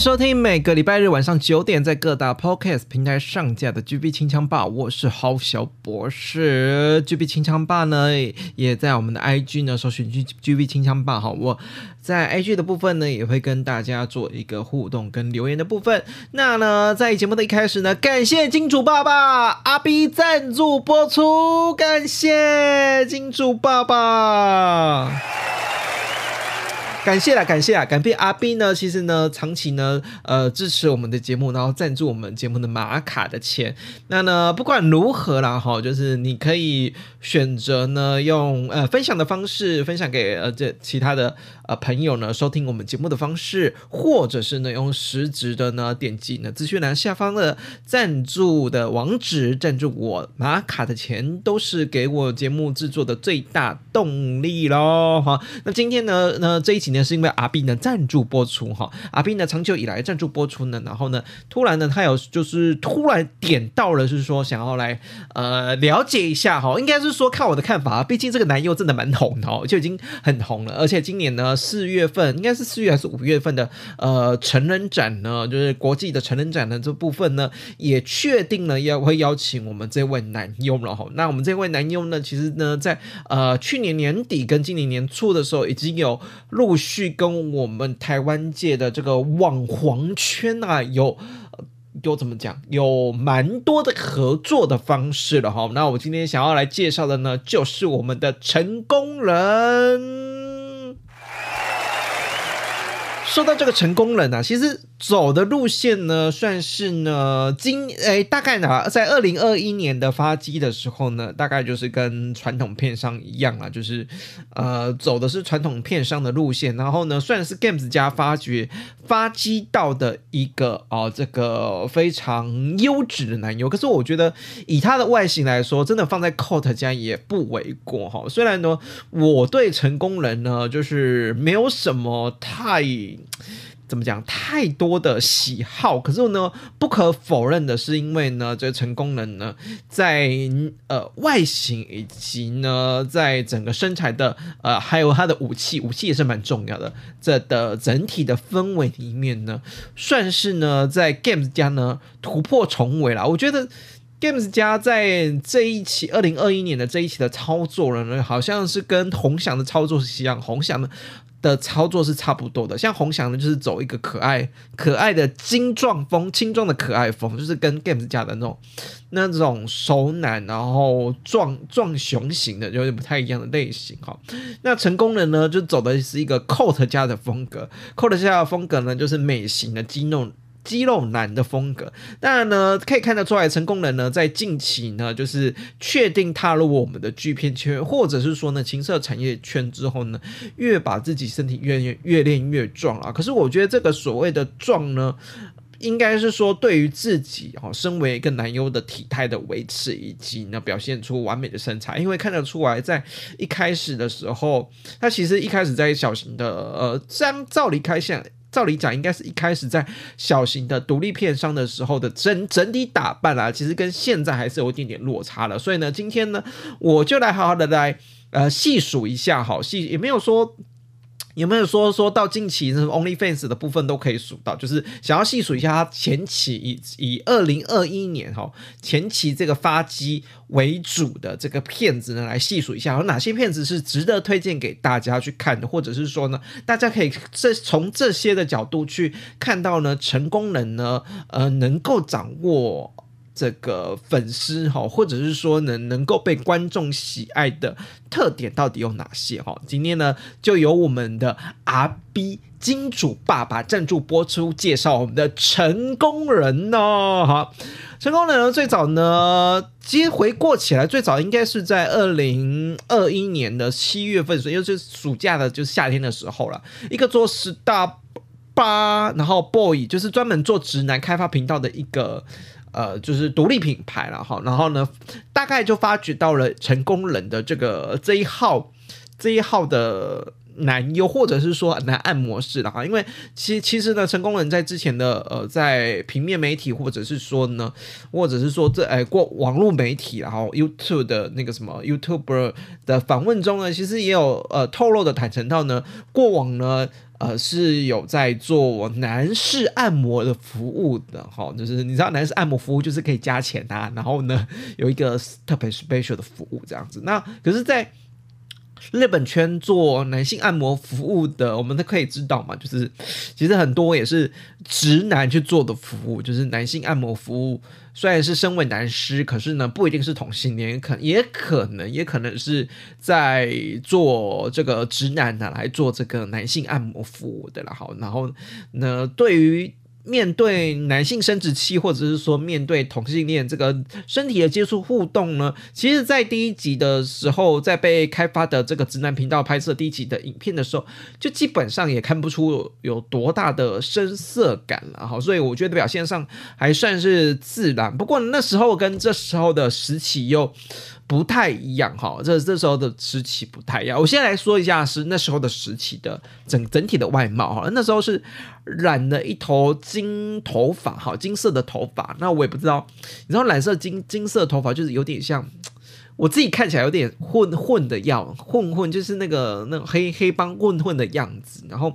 收聽每個禮拜日晚上九點在各大 Podcast 平台上架的 GV 清槍吧，我是豪小博士。GV 清槍吧呢，也在我們的 IG 呢，搜尋 GV 清槍吧。好，我在 IG 的部分呢，也會跟大家做一個互動跟留言的部分。那呢，在節目的一開始呢，感謝金主爸爸 RB 贊助播出，感謝金主爸爸。感謝啦，感謝啦，感謝阿斌呢。其實呢，長期呢，呃，支持我們的節目，然後贊助我們節目的瑪卡的錢。那呢，不管如何啦，哈，就是你可以選擇呢，用呃分享的方式分享給呃這其他的。啊，朋友呢，收聽我們節目的方式，或者是呢用實質的呢點擊呢資訊欄下方的贊助的網址贊助我拿卡的錢，都是給我節目制作的最大動力嘍哈。好，那今天呢，呢，這一期呢是因為 RB 呢贊助播出哈，RB 呢長久以來贊助播出呢，然後呢突然呢他有就是突然點到了，是說想要來呃了解一下哈，應該是說看我的看法，畢竟這個男優真的蠻紅的哦，就已經很紅了，而且今年呢。四月份應該是四月還是五月份的？呃，成人展呢，就是國際的成人展的這部分呢，也確定了要會邀請我們這位男優了哈。那我們這位男優呢，其實呢，在呃去年年底跟今年年初的時候，已經有陸續跟我們台灣界的這個網黃圈啊，有有怎麼講，有蠻多的合作的方式了哈。那我今天想要來介紹的呢，就是我們的成宮仁。說到這個成宮仁呢、啊，其實走的路線呢，算是呢，今誒，大概呢，在二零二一年的發跡的時候呢，大概就是跟傳統片商一樣啊，就是呃，走的是傳統片商的路線，然後呢，算是 Games 家發掘發跡到的一個啊、哦，這個非常優質的男優。可是我覺得以他的外形來說，真的放在 Coat 家也不為過哈。雖然呢，我對成宮仁呢，就是沒有什麼太。怎麼講？太多的喜好，可是呢，不可否認的是，因為呢，這成宮仁呢，在呃外形，以及呢，在整個身材的呃，還有他的武器，武器也是蠻重要的。這的、個、整體的氛圍裡面呢，算是呢，在 Games 家呢突破重圍了。我覺得 Games 家在這一期二零二一年的這一期的操作呢，好像是跟宏翔的操作是一樣，宏翔呢。的操作是差不多的，像宏翔呢，就是走一個可愛可愛的精壯風，精壯的可愛風，就是跟 Games 家的那種那種熟男然後壯壯熊型的有點不太一樣的類型哈。那成宮仁呢，就走的是一個 coat 家的風格，coat 家的風格呢，就是美型的肌肉。肌肉男的風格，當然呢，可以看得出來，成宮仁呢，在近期呢，就是確定踏入我們的 G 片圈，或者是說呢，情色產業圈之後呢，越把自己身體越越越練越壯啊。可是我覺得這個所謂的壯呢，應該是說對於自己啊、哦，身為一個男優的體態的維持，以及呢，表現出完美的身材。因為看得出來，在一開始的時候，他其實一開始在小型的呃，張照離開現。照理講，應該是一開始在小型的獨立片商的時候的整整體打扮啊，其實跟現在還是有一點點落差了。所以呢，今天呢，我就來好好的來呃細數一下哈，細也沒有說。有沒有說，說到近期那 OnlyFans 的部分都可以數到，就是想要細數一下他前期以，以二零二一年哈前期這個發跡為主的這個片子呢，來細數一下有哪些片子是值得推薦給大家去看的，或者是說呢，大家可以這從這些的角度去看到呢，成宮仁呢，呃，能夠掌握。這個粉絲哈，或者是說能能夠被觀眾喜愛的特點到底有哪些哈？今天呢，就由我們的 RB 金主爸爸贊助播出，介紹我們的成宮仁呢、哦、哈。成宮仁最早呢，其實回顧起來，最早應該是在二零二一年的七月份，所以就是暑假的，就是夏天的時候了。一個做十大八，然後 Boy 就是專門做直男開發頻道的一個。呃，就是獨立品牌了哈，然後呢，大概就發掘到了成宮仁的這個這一號這一號的男優，或者是說男按摩師了哈，然後因為其其實呢，成宮仁在之前的呃，在平面媒體或者是說呢，或者是說這呃、哎、過網絡媒體然後 YouTube 的那個什麼 YouTuber 的訪問中呢，其實也有呃透露的坦承到呢，過往呢。呃，是有在做男士按摩的服務的，哈、哦，就是你知道男士按摩服務就是可以加錢啊，然後呢，有一個特別 special 的服務這樣子，那可是，在。日本圈做男性按摩服務的，我們都可以知道嘛，就是其實很多也是直男去做的服務，就是男性按摩服務，雖然是身為男師，可是呢不一定是同性戀，可也可能也可能是在做這個直男的、啊、來做這個男性按摩服務的了，好，然後呢，對於。面對男性生殖器，或者是說面對同性戀這個身體的接觸互動呢？其實，在第一集的時候，在被開發的這個直男頻道拍攝第一集的影片的時候，就基本上也看不出有多大的生澀感了哈。所以我覺得表現上還算是自然。不過那時候跟這時候的時期又。不太一樣哈，這這時候的時期不太一樣。我先來說一下是那時候的時期的整整體的外貌哈，那時候是染了一頭金頭髮哈，金色的頭髮。那我也不知道，你知道染色金金色的頭髮就是有點像我自己看起來有點混混的樣子，混混就是那個那種黑黑幫混混的樣子，然後。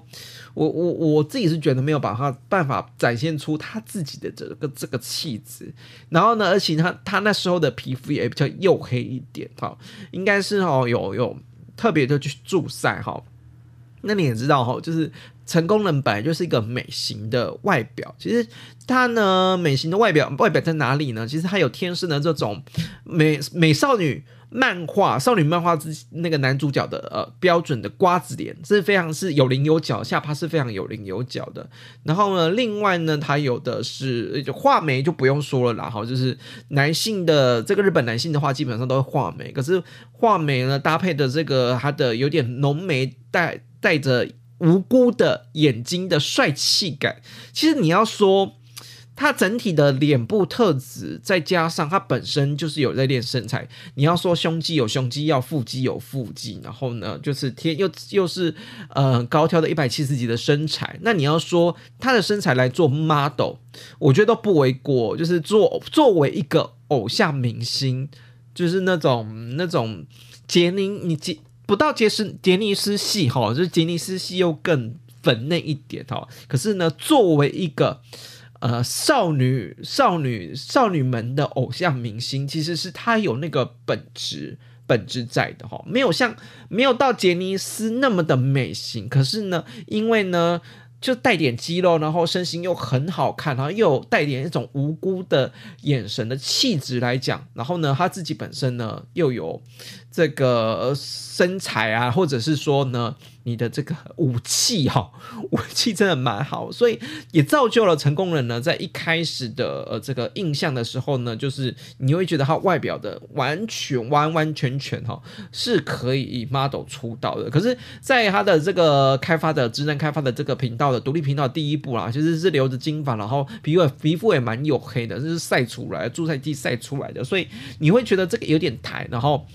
我我我自己是覺得沒有把他辦法展現出他自己的這個這個氣質，然後呢，而且他他那時候的皮膚也比較黝黑一點，哈，應該是哦，有有特別的去助曬哈。那你也知道哈，就是成宮仁本來就是一個美型的外表。其實他呢，美型的外表外表在哪裡呢？其實他有天生的這種美美少女，漫畫少女漫畫之那個男主角的呃，標準的瓜子臉，這是非常是有稜有角，下巴是非常有稜有角的。然後呢，另外呢，他有的是畫眉就不用說了啦，哈，就是男性的這個日本男性的話，基本上都會畫眉。可是畫眉呢，搭配的這個他的有點濃眉帶帶着無辜的眼睛的帥氣感，其實你要說。他整體的臉部特質，再加上他本身就是有在練身材，你要說胸肌有胸肌，要腹肌有腹肌，然後呢，就是天又又是呃高挑的一百七十幾的身材，那你要說他的身材來做 model，我覺得都不為過。就是作作為一個偶像明星，就是那種那種傑尼，你傑不到傑斯傑尼斯系哈，就是傑尼斯系又更粉嫩一點哈。可是呢，作為一個。呃，少女、少女、少女們的偶像明星，其實是他有那個本質、本質在的哈、哦，沒有像沒有到傑尼斯那麼的美型，可是呢，因為呢，就帶點肌肉，然後身形又很好看，然後又帶點一種無辜的眼神的氣質來講，然後呢，他自己本身呢又有。這個身材啊，或者是說呢，你的這個武器哈、哦，武器真的蠻好，所以也造就了成宮仁呢。在一開始的呃這個印象的時候呢，就是你會覺得他外表的完全完完全全哈、哦、是可以以 model 出道的。可是，在他的這個開發的智能開發的這個頻道的獨立頻道的第一部啦、啊，其、就、實、是、是留着金髮，然後皮膚皮膚也蠻黝黑的，就是晒出來的，助曬劑曬出來的，所以你會覺得這個有點台，然後。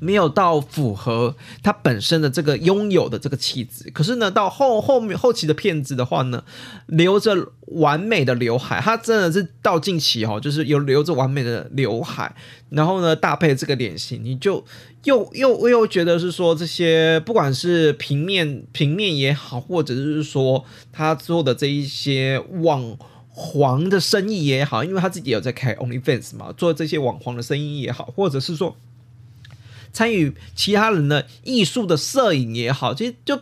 沒有到符合他本身的這個擁有的這個氣質，可是呢，到後後面後期的片子的話呢，留着完美的劉海，他真的是到近期哦，就是有留着完美的劉海，然後呢，搭配這個臉型，你就又又又覺得是說，這些不管是平面平面也好，或者是說他做的這一些網黃的生意也好，因為他自己有在開 OnlyFans 嘛，做這些網黃的生意也好，或者是說。參與其他人的藝術的攝影也好，其實就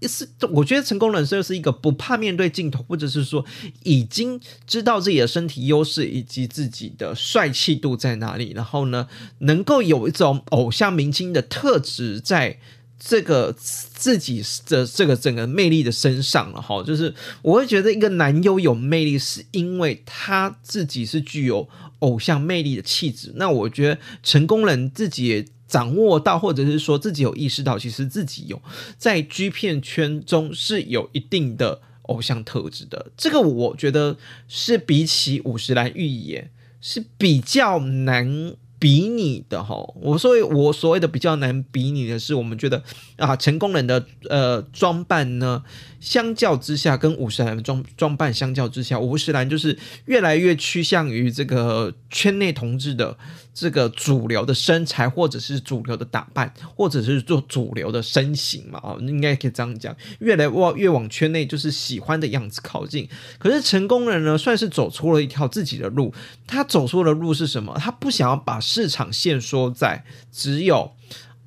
一是，我覺得成宮仁就是一個不怕面對鏡頭，或者是說已經知道自己的身體優勢以及自己的帥氣度在哪裡，然後呢，能夠有一種偶像明星的特質在這個自己的這個整個魅力的身上了哈。就是我會覺得一個男優有魅力是因為他自己是具有。偶像魅力的氣質，那我覺得成宮仁自己也掌握到，或者是說自己有意識到，其實自己有在 G 片圈中是有一定的偶像特質的。這個我覺得是比起五十嵐預言是比較難比擬的吼，我所謂我所謂的比較難比擬的是，我們覺得啊，成宮仁的呃裝扮呢。相較之下，跟五十嵐的裝裝扮相較之下，五十嵐就是越來越趨向於這個圈內同志的這個主流的身材，或者是主流的打扮，或者是做主流的身形嘛啊，應該可以這樣講，越來越往圈內就是喜歡的樣子靠近。可是成宮仁呢，算是走出了一條自己的路。他走出的路是什麼？他不想要把市場限縮在只有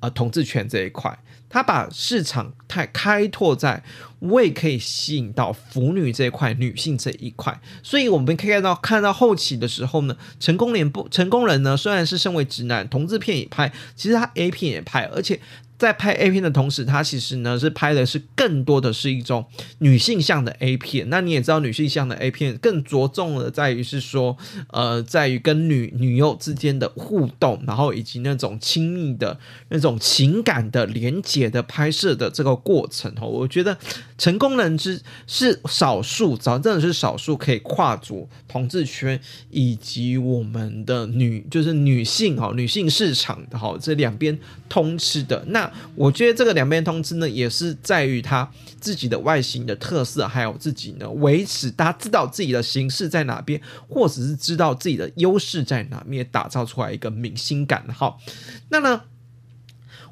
啊、呃、同志圈這一塊，他把市場太開拓在。我也可以吸引到腐女這一塊，女性這一塊，所以我們可以看到，看到後期的時候呢，成功連播，成宮仁呢，雖然是身為直男，同志片也拍，其實他 A 片也拍，而且。在拍 A 片的同時，他其實呢是拍的是更多的是一種女性向的 A 片。那你也知道，女性向的 A 片更着重的在於是說，呃，在於跟女女優之間的互動，然後以及那種親密的那種情感的連接的拍攝的這個過程哦。我覺得成宮仁是少數，早真的是少數可以跨足同志圈以及我們的女就是女性哦，女性市場的這兩邊通吃的那。我覺得這個兩邊通吃呢，也是在於他自己的外形的特色，還有自己呢維持，他知道自己的形式在哪邊，或者是知道自己的優勢在哪邊，打造出來一個明星感。好，那麼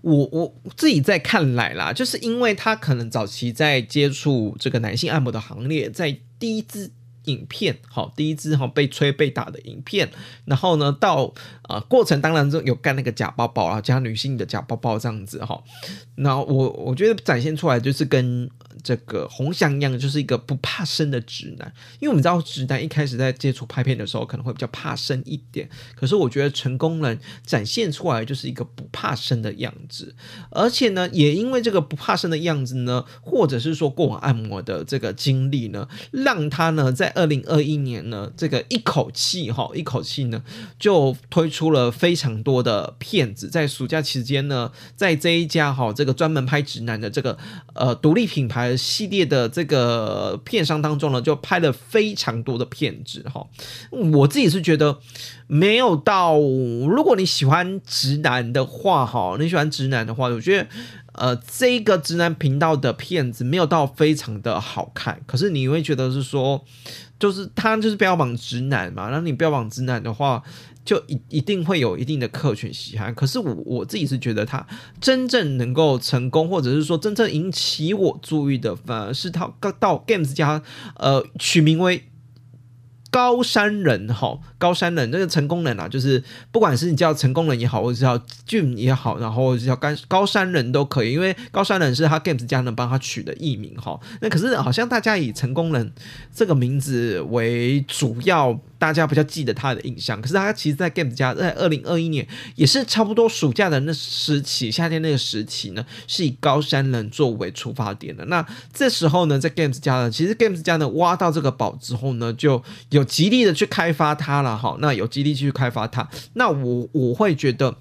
我我自己在看來啦，就是因為他可能早期在接觸這個男性按摩的行列，在第一次影片好，第一支哈被吹被打的影片，然後呢，到啊、呃、過程當然就有幹那個假包包啊，加女性的假包包這樣子哈，那我我覺得展現出來就是跟，這個宏翔一樣，就是一個不怕生的直男。因為我們知道，直男一開始在接觸拍片的時候，可能會比較怕生一點。可是我覺得，成宮仁展現出來就是一個不怕生的樣子。而且呢，也因為這個不怕生的樣子呢，或者是說過往按摩的這個經歷呢，讓他呢在二零二一年呢，這個一口氣哈，一口氣呢就推出了非常多的片子。在暑假期間呢，在這一家哈，這個專門拍直男的這個呃獨立品牌。系列的這個片商當中呢，就拍了非常多的片子哈。我自己是覺得沒有到，如果你喜歡直男的話哈，你喜歡直男的話，我覺得呃，這個直男頻道的片子沒有到非常的好看。可是你會覺得是說，就是他就是標榜直男嘛，那你標榜直男的話。就一一定會有一定的客群喜歡，可是我，我自己是覺得他真正能夠成功，或者是說真正引起我注意的，反而是他到，到 Games 家，呃，取名為高山人哈，吼。高山人那、這個成宮仁啊，就是不管是你叫成宮仁也好，或者是叫 JIN 也好，然後叫高高山人都可以，因為高山人是他 Games 家呢幫他取的藝名哈。那可是好像大家以成宮仁這個名字為主要，大家比較記得他的印象。可是他其實在家，在 Games 家在二零二一年也是差不多暑假的那時期，夏天那個時期呢，是以高山人作為出發點的。那這時候呢，在 Games 家呢，其實 Games 家呢挖到這個寶之後呢，就有極力的去開發他啦。好，那有基地繼續去開發它。那我我會覺得。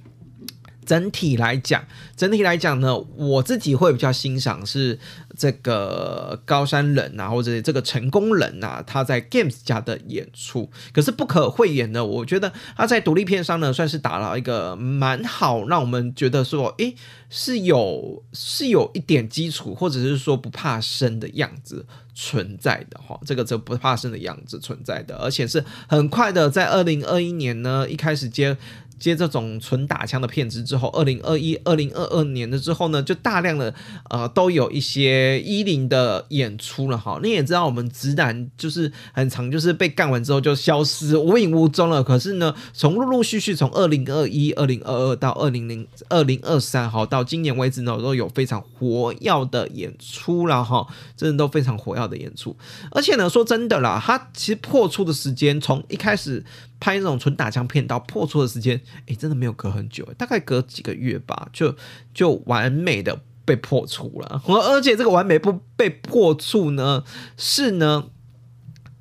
整體來講，整體來講呢，我自己會比較欣賞是這個高山人吶、啊，或者這個成宮仁吶、啊，他在 Games 家的演出。可是不可諱言呢，我覺得他在獨立片上呢，算是打了一個蠻好，讓我們覺得說，誒是有是有一點基礎，或者是說不怕生的樣子存在的哈。這個這不怕生的樣子存在的，而且是很快的，在二零二一年呢，一開始接。接這種純打槍的片子之後，二零二一、二零二二年了之後呢，就大量的呃，都有一些一零的演出了哈。你也知道，我們直男就是很常就是被幹完之後就消失無影無蹤了。可是呢，從陸陸續續從二零二一、二零二二到二零零二零二三，哈，到今年為止呢，都有非常活躍的演出了哈，真的都非常活躍的演出。而且呢，說真的啦，他其實破處的時間從一開始。拍那種純打槍片到破處的時間，欸，真的沒有隔很久，大概隔幾個月吧，就就完美的被破處了。而且這個完美不被破處呢，是呢，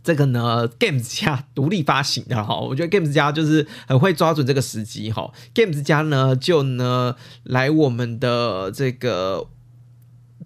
這個呢，Games 家獨立發行的哈，我覺得 Games 家就是很會抓準這個時機哈。Games 家呢，就呢來我們的這個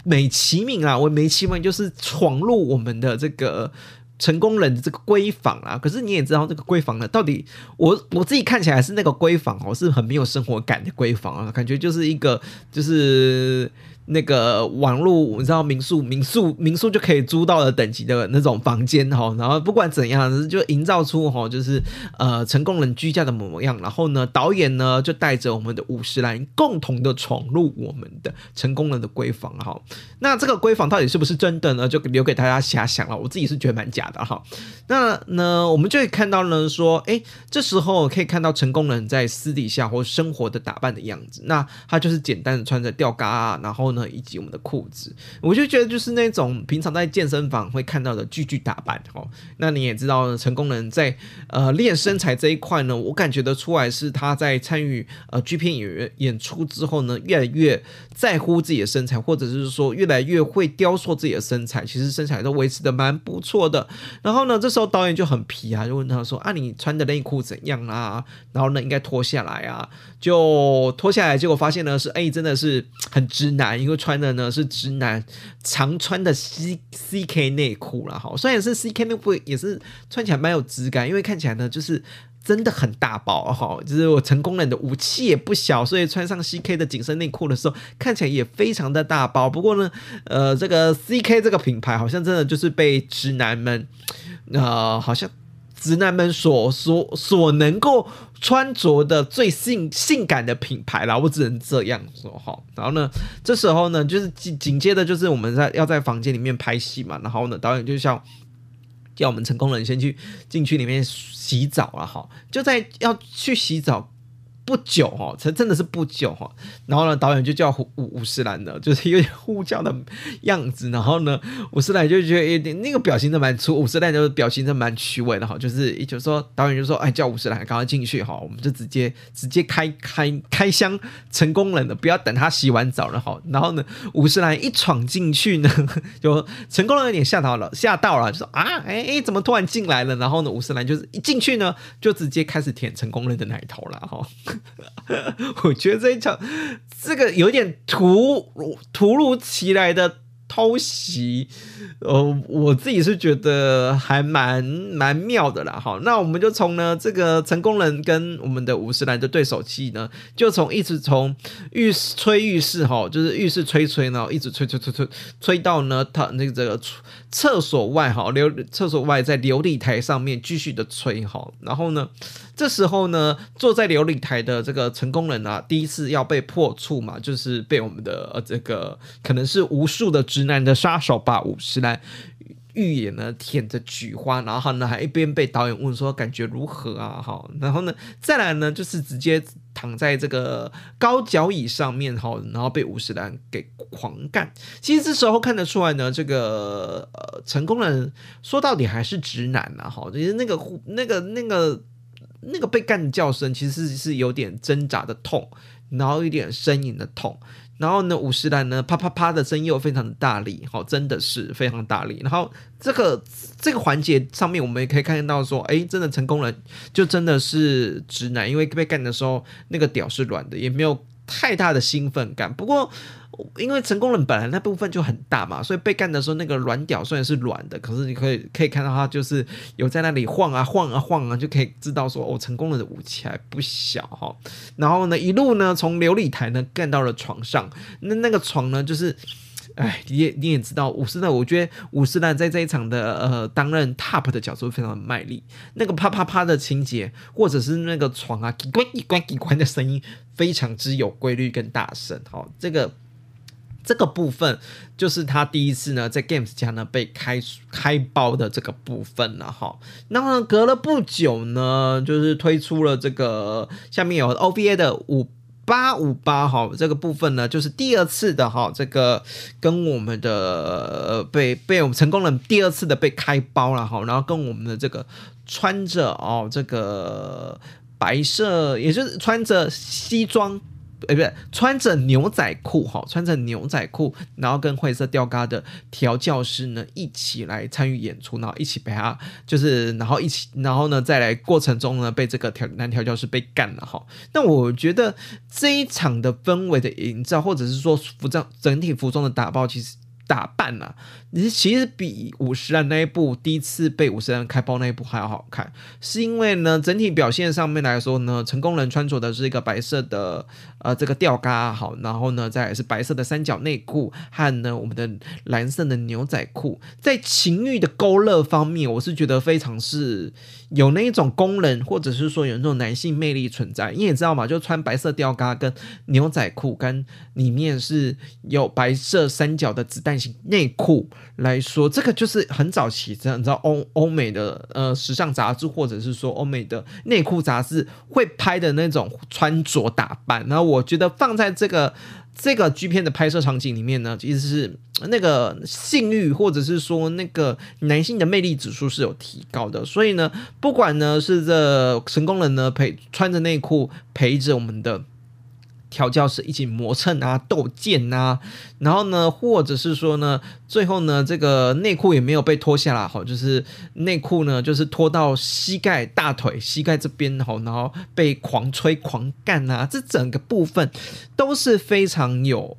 美其名啊，我美其名就是闖入我們的這個。成宮仁的這個閨房啊，可是你也知道，這個閨房呢，到底我我自己看起來是那個閨房哦，是很沒有生活感的閨房啊，感覺就是一個就是。那個網絡，你知道民宿、民宿、民宿就可以租到的等級的那種房間哈，然後不管怎樣，就營造出哈，就是呃成宮仁居家的模樣。然後呢，導演呢就帶着我們的五十嵐共同的闖入我們的成宮仁的閨房哈。那這個閨房到底是不是真的呢？就留給大家遐想，了。我自己是覺得蠻假的哈。那呢，我們就會看到呢，說哎，這時候可以看到成宮仁在私底下或生活的打扮的樣子。那他就是簡單的穿着吊嘎啊，然後呢。以及我們的褲子，我就覺得就是那種平常在健身房會看到的巨巨打扮哦。那你也知道呢，成宮仁在呃練身材這一塊呢，我感覺得出來是他在參與呃劇片演員演出之後呢，越來越在乎自己的身材，或者是說越來越會雕塑自己的身材。其實身材都維持得蠻不錯的。然後呢，這時候導演就很皮啊，就問他說：“啊，你穿的內褲怎樣啊？”然後呢，應該脫下來啊，就脫下來，結果發現呢是哎、欸，真的是很直男。又穿的呢是直男常穿的 C C K 內褲了哈，雖然是 C K 內褲，也是穿起來蠻有質感，因為看起來呢就是真的很大包哈，就是我成宮仁的武器也不小，所以穿上 C K 的緊身內褲的時候，看起來也非常的大包。不過呢，呃，這個 C K 這個品牌好像真的就是被直男們，呃，好像，直男們所所所能夠穿着的最性性感的品牌了，我只能這樣說哈。然後呢，這時候呢，就是緊緊接着就是我們在要在房間裡面拍戲嘛。然後呢，導演就叫叫我們成宮仁先去進去裡面洗澡了、啊、哈。就在要去洗澡。不久哈、哦，才真的是不久哈、哦。然後呢，導演就叫武武士蘭的，就是有點呼叫的樣子。然後呢，武士蘭就覺得有點、欸、那個表情都蠻粗，武士蘭就表情都蠻虛偽的哈。就是就說導演就說，哎、欸，叫武士蘭趕快進去哈。我們就直接直接開開開箱成宮仁的，不要等他洗完澡了哈。然後呢，武士蘭一闖進去呢，就成宮仁有點嚇到了嚇到了，就說啊，哎、欸欸、怎麼突然進來了？然後呢，武士蘭就是一進去呢，就直接開始舔成宮仁的奶頭了哈。 我覺得這一場這個有點突突如其來的偷襲，哦、呃，我自己是覺得還蠻蠻妙的啦。好，那我們就從呢這個成宮仁跟我們的五十蘭的對手戲呢，就從一直從浴室吹浴室哈，就是浴室吹吹呢，然後一直吹吹吹吹吹到呢他那個這個廁所外哈，流廁所外在流理台上面繼續的吹哈，然後呢。這時候呢，坐在琉璃台的這個成宮仁啊，第一次要被破處嘛，就是被我們的、呃、這個可能是無數的直男的殺手吧，五十嵐，預演呢舔着菊花，然後呢還一邊被導演問說感覺如何啊？哈，然後呢再來呢就是直接躺在這個高腳椅上面哈，然後被五十嵐給狂幹。其實這時候看得出來呢，這個呃成宮仁說到底還是直男吶、啊，哈，就是那個那個那個。那個那個那個被幹的叫聲其實是,是有點掙扎的痛，然後有點呻吟的痛，然後呢，五十嵐呢啪啪啪的聲音又非常大力，好、哦，真的是非常大力。然後這個這個環節上面，我們也可以看得到說，誒，真的成功了，就真的是直男，因為被幹的時候那個屌是軟的，也沒有太大的興奮感。不過。因為成宮仁本來那部分就很大嘛，所以被幹的時候那個軟屌雖然是軟的，可是你可以可以看到它就是有在那裡晃啊晃啊晃啊，就可以知道說哦，成宮仁的武器還不小哈。然後呢一路呢從琉璃台呢幹到了床上，那那個床呢就是，哎你也你也知道武士呢，我覺得武士呢在這一場的呃擔任 TOP 的角色非常的賣力，那個啪啪啪的情節，或者是那個床啊咣咣咣咣的聲音非常之有規律跟大聲哈，這個。這個部分就是他第一次呢，在 Games 家呢被開開包的這個部分了哈。那麼隔了不久呢，就是推出了這個下面有 OVA 的五八五八哈，這個部分呢，就是第二次的哈，這個跟我們的被被我們成宮仁第二次的被開包了哈。然後跟我們的這個穿着哦，這個白色也就是穿着西裝。誒，欸、不是，穿着牛仔褲吼，穿着牛仔褲，然後跟灰色吊嘎的調教師呢一起來參與演出，然後一起被他，就是然後一起，然後呢再來過程中呢被這個調男調教師被幹了哈。那我覺得這一場的氛圍的營造，或者是說服裝整體服裝的打包，其實。打扮呢、啊，你其實比五十人那一部第一次被五十人開包那一部還要好看，是因為呢，整體表現上面來說呢，成宮仁穿着的是一個白色的呃這個吊嘎好，然後呢再是白色的三角內褲和呢我們的藍色的牛仔褲，在情欲的勾勒方面，我是覺得非常是。有那一種功能或者是說有那種男性魅力存在，因為你也知道嘛，就穿白色吊嘎跟牛仔褲，跟裡面是有白色三角的子彈型內褲來說，這個就是很早期這樣，你知道歐歐美的呃時尚雜誌，或者是說歐美的內褲雜誌會拍的那種穿着打扮。然後我覺得放在這個。這個 G 片的拍攝場景裡面呢，其實是那個性慾，或者是說那個男性的魅力指數是有提高的，所以呢，不管呢是這成宮仁呢陪穿着內褲陪着我們的。調教時一起磨蹭啊，鬥劍啊，然後呢，或者是說呢，最後呢，這個內褲也沒有被脫下來，好，就是內褲呢，就是脫到膝蓋、大腿、膝蓋這邊，然然後被狂吹、狂幹啊，這整個部分都是非常有。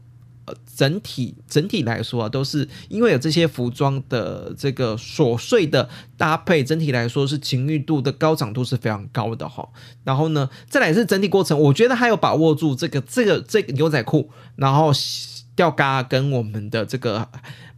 整體整體來說啊，都是因為有這些服裝的這個瑣碎的搭配，整體來說是情欲度的高漲度是非常高的哈。然後呢，再來是整體過程，我覺得還有把握住這個這個這個牛仔褲，然後吊嘎跟我們的這個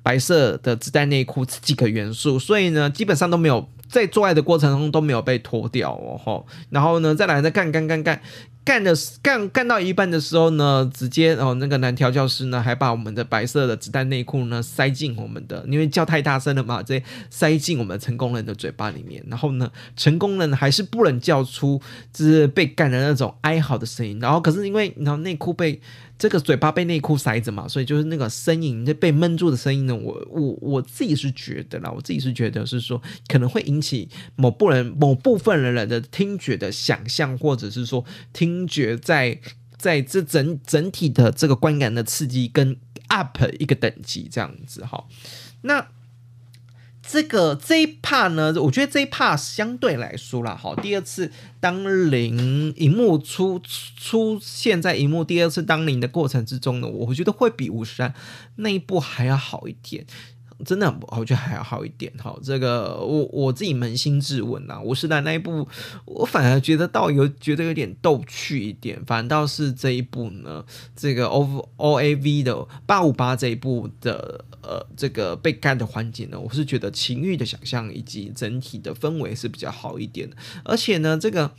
白色的自帶內褲這幾個元素，所以呢，基本上都沒有在做愛的過程中都沒有被脫掉哦，然後呢，再來再看看看看。干干干幹幹的幹幹到一半的時候呢，直接哦，那個男調教師呢，還把我們的白色的子彈內褲呢塞進我們的，因為叫太大聲了嘛，直接塞進我們成宮仁的嘴巴裡面。然後呢，成宮仁還是不能叫出就是被幹的那種哀嚎的聲音。然後可是因為然後內褲被。這個嘴巴被內褲塞着嘛，所以就是那個聲音，就被悶住的聲音呢。我我我自己是覺得啦，我自己是覺得是說可能會引起某部人、某部分人的聽覺的想象，或者是說聽覺在在這整整體的這個觀感的刺激跟 up 一個等級這樣子哈。那這個這一 part 呢，我覺得這一 part 相對來說啦，好，第二次當零，熒幕出出現在熒幕第二次當零的過程之中呢，我覺得會比53那一部還要好一點。真的，我覺得還要好一點哈。這個我我自己捫心自問吶、啊，我是在那一部，我反而覺得倒有覺得有點逗趣一點。反倒是這一部呢，這個 O O A V 的八五八這一部的呃這個被幹的環節呢，我是覺得情欲的想象以及整體的氛圍是比較好一點的。而且呢，這個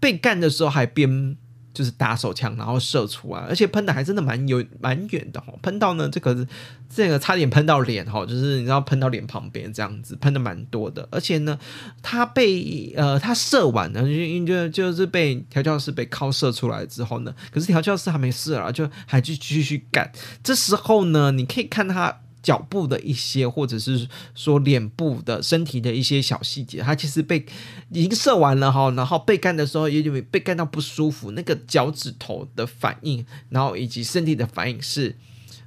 被幹的時候還邊。就是打手槍，然後射出來，而且噴的還真的蠻有蠻遠的吼，噴到呢這個這個差點噴到臉吼，就是你知道噴到臉旁邊這樣子，噴的蠻多的，而且呢，他被呃他射完呢就就就是被調教師被靠射出來之後呢，可是調教師還沒射啊，就還繼續去幹，這時候呢，你可以看他腳部的一些，或者是說臉部的、身體的一些小細節，它其實被已經射完了哈，然後被幹的時候也有被幹到不舒服，那個腳趾頭的反應，然後以及身體的反應是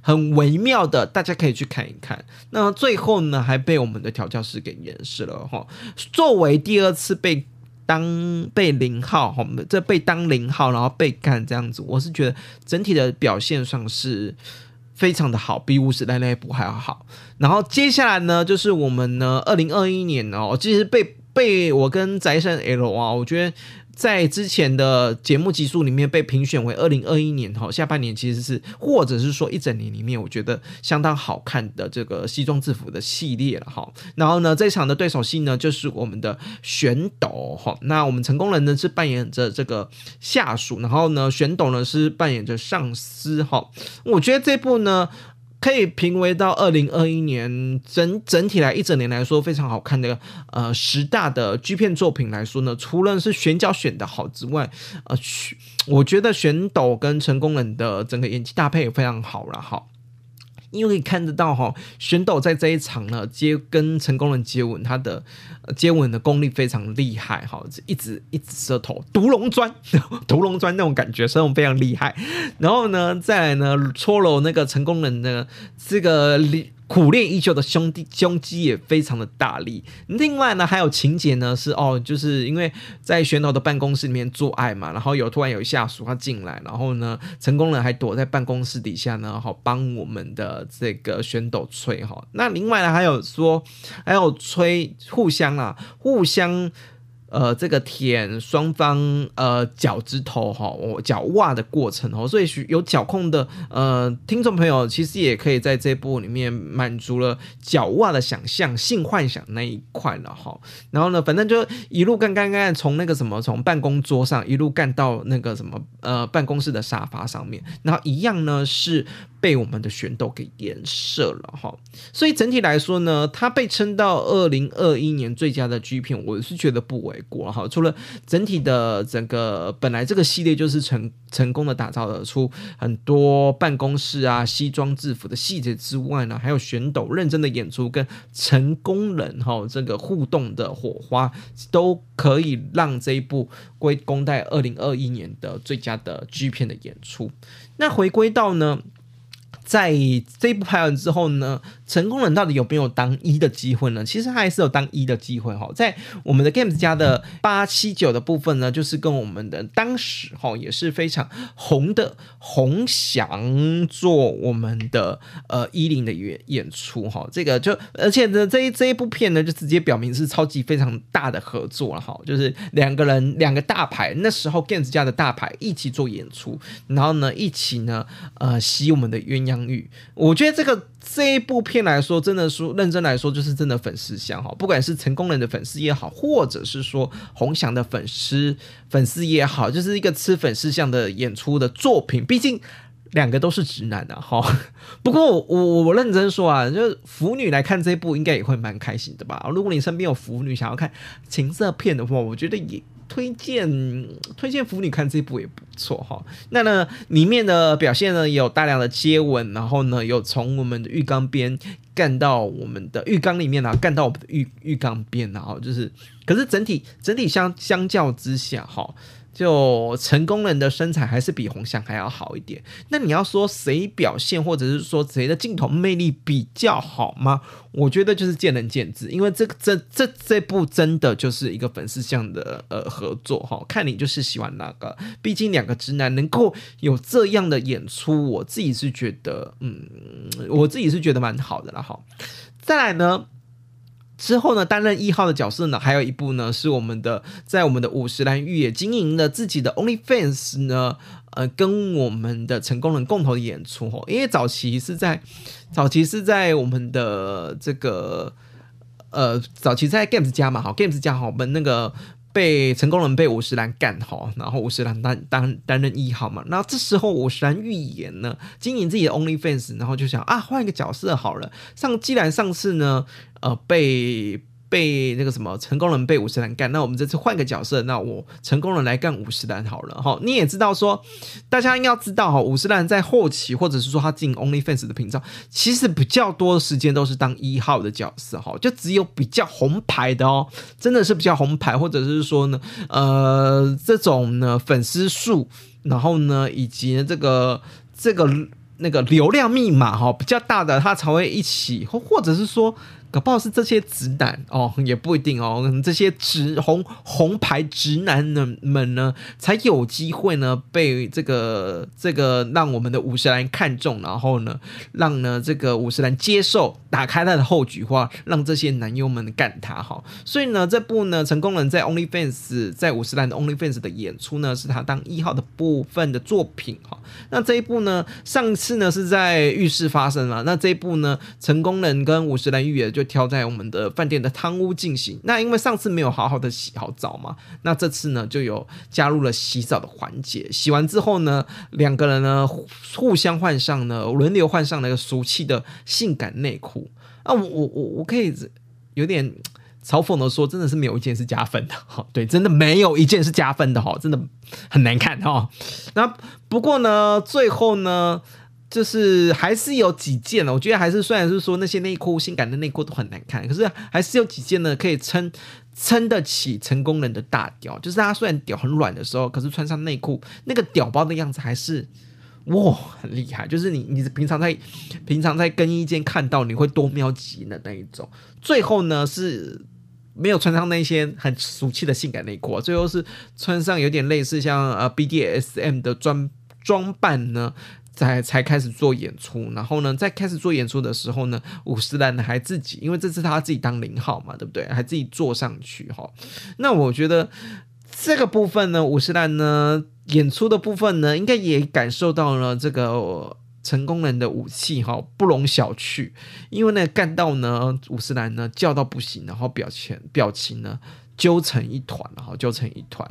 很微妙的，大家可以去看一看。那最後呢，還被我們的調教師給演示了哈。作為第二次被當被零號哈，這被當零號，然後被幹這樣子，我是覺得整體的表現上是。非常的好，比五十奈奈部還要好。然後接下來呢，就是我們呢，二零二一年哦，其實被被我跟宅勝 L 啊，我覺得。在之前的節目集數裡面被評選為二零二一年哈，下半年其實是或者是說一整年裡面我覺得相當好看的這個西裝制服的系列了哈。然後呢，這場的對手戲呢，就是我們的選鬥哈。那我們成宮仁呢，是扮演着這個下屬，然後呢，選鬥呢是扮演着上司哈。我覺得這部呢。可以評為到二零二一年整整體來一整年來說非常好看的呃十大的 G 片作品來說呢，除了是選角選得好之外，呃，我覺得選斗跟成宮仁的整個演技搭配也非常好了哈。好因為可以看得到哈、喔，玄斗在這一場呢，接跟成宮仁接吻，他的接吻的功力非常厲害哈、喔，一直一直舌頭毒龍鑽，毒龍鑽那種感覺，所以非常厲害。然後呢，再來呢搓揉那個成宮仁的這個苦練已久的兄弟胸肌也非常的大力。另外呢，還有情節呢，是哦，就是因為在玄斗的辦公室裡面做愛嘛，然後有突然有下屬他進來，然後呢成宮仁還躲在辦公室底下呢，好幫我們的這個玄斗吹哈。那另外呢還有說，還有吹互相啊，互相。呃，這個舔雙方呃腳趾頭哈，腳腕、哦、的過程哦，所以有腳控的呃聽眾朋友，其實也可以在這部裡面滿足了腳腕的想象、性幻想那一塊了哈、哦。然後呢，反正就一路幹幹幹，從那個什麼，從辦公桌上一路幹到那個什麼呃辦公室的沙發上面，然後一樣呢是。被我們的選斗給顏射了哈，所以整體來說呢，他被稱到二零二一年最佳的 G 片，我是覺得不為過哈。除了整體的整個本來這個系列就是成成功的打造了出很多辦公室啊西裝制服的細節之外呢，還有選斗認真的演出跟成宮仁哈這個互動的火花，都可以讓這一部歸功在二零二一年的最佳的 G 片的演出。那回歸到呢？在這部拍完之後呢？成宮仁到底有沒有當一的機會呢？其實他還是有當一的機會哈。在我們的 Games 家的八七九的部分呢，就是跟我們的當時哈也是非常紅的宏翔做我們的呃一零、e、的演演出哈。這個就而且呢，這一這一部片呢，就直接表明是超級非常大的合作了哈。就是兩個人兩個大牌那時候 Games 家的大牌一起做演出，然後呢一起呢呃洗我們的鴛鴦浴。我覺得這個這一部片。片來說，真的說，認真來說，就是真的粉絲向哈，不管是成宮仁的粉絲也好，或者是說宏翔的粉絲粉絲也好，就是一個吃粉絲向的演出的作品，畢竟兩個都是直男的、啊、哈。不過我我我認真說啊，就是腐女來看這部應該也會蠻開心的吧。如果你身邊有腐女想要看情色片的話，我覺得也。推薦推薦腐女看這部也不錯哈，那呢裡面的表現呢，有大量的接吻，然後呢有從我們的浴缸邊幹到我們的浴缸裡面然後幹到我們的浴浴缸邊，然後就是，可是整體整體相相較之下哈。就成宮仁的身材還是比宏翔還要好一點。那你要說誰表現，或者是說誰的鏡頭魅力比較好嗎？我覺得就是見仁見智，因為這這這這部真的就是一個粉絲向的呃合作哈，看你就是喜歡哪個。畢竟兩個直男能夠有這樣的演出，我自己是覺得嗯，我自己是覺得蠻好的了哈。再來呢？之後呢，擔任一號的角色呢，還有一部呢是我們的，在我們的五十嵐裕也經營了自己的 OnlyFans 呢，呃，跟我們的成宮仁共同的演出。因為早期是在，早期是在我們的這個，呃，早期在 Games 家嘛，好 Games 家好，我們那個。.被成宮仁被五十嵐幹好，然後五十嵐擔擔擔任一號嘛。那這時候五十嵐預言呢，經營自己的 OnlyFans，然後就想啊，換一個角色好了。上既然上次呢，呃被。被那個什麼成宮仁被五十人幹，那我們這次換個角色，那我成宮仁來幹五十人好了哈。你也知道說，大家應該要知道哈，五十人在後期或者是說他進 OnlyFans 的頻道，其實比較多的時間都是當一號的角色哈，就只有比較紅牌的哦、喔，真的是比較紅牌，或者是說呢，呃，這種呢粉絲數，然後呢以及這個這個那個流量密碼哈比較大的，他才會一起，或或者是說。不是這些直男哦，也不一定哦。這些直紅紅牌直男們們呢，才有機會呢被這個這個讓我們的五十嵐看中，然後呢，讓呢這個五十嵐接受，打開他的後菊花，讓這些男優們幹他哈。所以呢，這部呢成宮仁在 OnlyFans 在五十嵐的 OnlyFans 的演出呢，是他當一號的部分的作品哈。那這一部呢，上次呢是在浴室發生了，那這一部呢，成宮仁跟五十嵐預言就。挑在我們的飯店的湯屋進行。那因為上次沒有好好的洗好澡嘛，那這次呢就有加入了洗澡的環節。洗完之後呢，兩個人呢互相換上呢，輪流換上了一個俗氣的性感內褲。那、啊、我我我我可以有點嘲諷的說，真的是沒有一件是加分的哈。對，真的沒有一件是加分的哈，真的很難看哈。那不過呢，最後呢。就是還是有幾件呢，我覺得還是雖然是說那些內褲性感的內褲都很難看，可是還是有幾件呢可以撐撐得起成宮仁的大屌。就是他雖然屌很軟的時候，可是穿上內褲那個屌包的樣子還是哇很厲害。就是你你平常在平常在更衣間看到你會多瞄幾眼的那一種。最後呢是沒有穿上那些很俗氣的性感內褲，最後是穿上有點類似像呃 BDSM 的裝裝扮呢。在才,才開始做演出，然後呢，在開始做演出的時候呢，五十嵐還自己，因為這次他自己當零號嘛，對不對？還自己坐上去哈。那我覺得這個部分呢，五十嵐呢演出的部分呢，應該也感受到了這個、呃、成宮仁的武器哈，不容小覷。因為那幹到呢，五十嵐呢叫到不行，然後表情表情呢。揪成一團，然後揪成一團，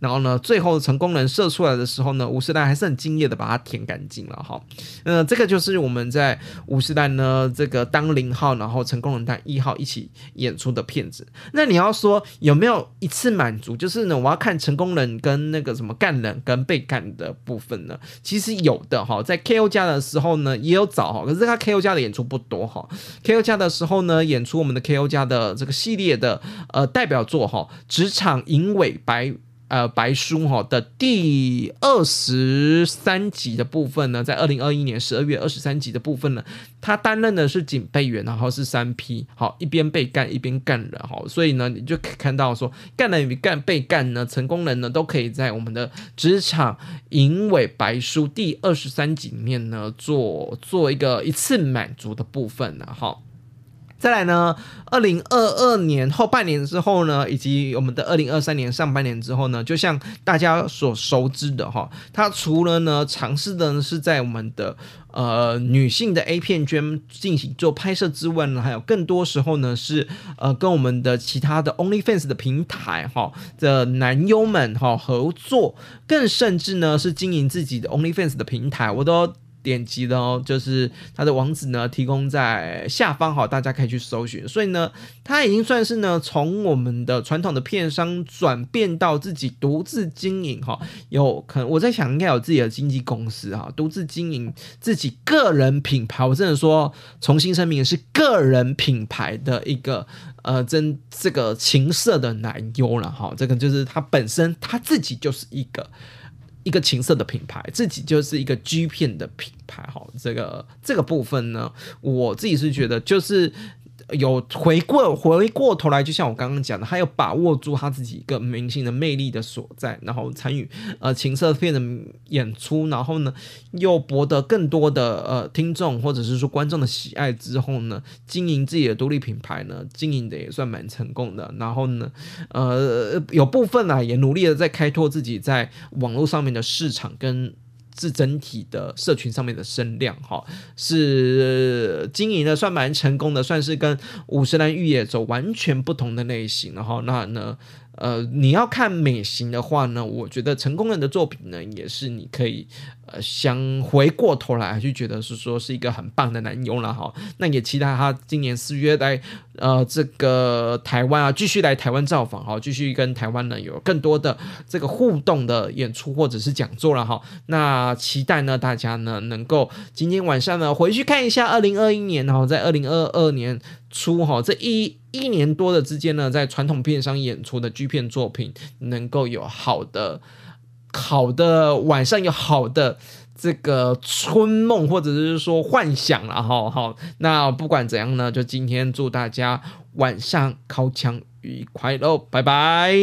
然後呢，最後成宮仁射出來的時候呢，武士蛋還是很敬業的把它舔乾淨了，哈、嗯，那這個就是我們在武士蛋呢這個當零號，然後成宮仁當一號一起演出的片子。那你要說有沒有一次滿足，就是呢，我要看成宮仁跟那個什麼幹人跟被幹的部分呢，其實有的，哈，在 K.O. 加的時候呢也有找哈，可是他 K.O. 加的演出不多，哈，K.O. 加的時候呢演出我們的 K.O. 加的這個系列的呃代表，做好職場淫猥白呃、白書哈的第二十三集的部分呢，在二零二一年十二月二十三集的部分呢，他擔任的是警備員，然後是三 P 好，一邊被幹一邊幹的哈，所以呢，你就可以看到說幹了與幹被幹呢，成宮仁呢都可以在我們的職場淫猥白書第二十三集裡面呢做做一個一次滿足的部分了哈。好再來呢，二零二二年後半年之後呢，以及我們的二零二三年上半年之後呢，就像大家所熟知的哈，他除了呢嘗試的是在我們的呃女性的 A 片圈進行做拍攝之外呢，還有更多時候呢是呃跟我們的其他的 OnlyFans 的平台哈的男優們哈合作，更甚至呢是經營自己的 OnlyFans 的平台，我都。點擊的哦，就是他的網址呢，提供在下方好，大家可以去搜尋。所以呢，他已經算是呢，從我們的傳統的片商轉變到自己獨自經營哈、哦，有可能我在想，應該有自己的經紀公司哈、哦，獨自經營自己個人品牌。我真的說，重新聲明，是個人品牌的一個呃，真這個情色的男優了哈、哦，這個就是他本身他自己就是一個。一個情色的品牌，自己就是一個 G 片的品牌，好，這個這個部分呢，我自己是覺得就是。有回過回過頭來，就像我剛剛講的，他有把握住他自己一個明星的魅力的所在，然後參與呃情色片的演出，然後呢又博得更多的呃聽眾或者是說觀眾的喜愛之後呢，經營自己的獨立品牌呢，經營的也算蠻成功的。然後呢，呃，有部分啊也努力的在開拓自己在網絡上面的市場跟。是整體的社群上面的聲量，哈，是經營的算蠻成功的，算是跟五十嵐御野走完全不同的類型，然後那呢，呃，你要看美型的話呢，我覺得成宮仁的作品呢，也是你可以呃，想回過頭來就覺得是說是一個很棒的男優了哈。那也期待他今年四月來呃這個台灣啊，繼續來台灣造訪哈，繼續跟台灣呢有更多的這個互動的演出或者是講座了哈。那期待呢，大家呢能夠今天晚上呢回去看一下二零二一年哈，在二零二二年初哈這一。一年多的時間呢，在傳統片商演出的劇片作品能夠有好的、好的晚上有好的這個春夢，或者是說幻想了哈。好，那不管怎樣呢，就今天祝大家晚上尻槍愉快嘍，拜拜。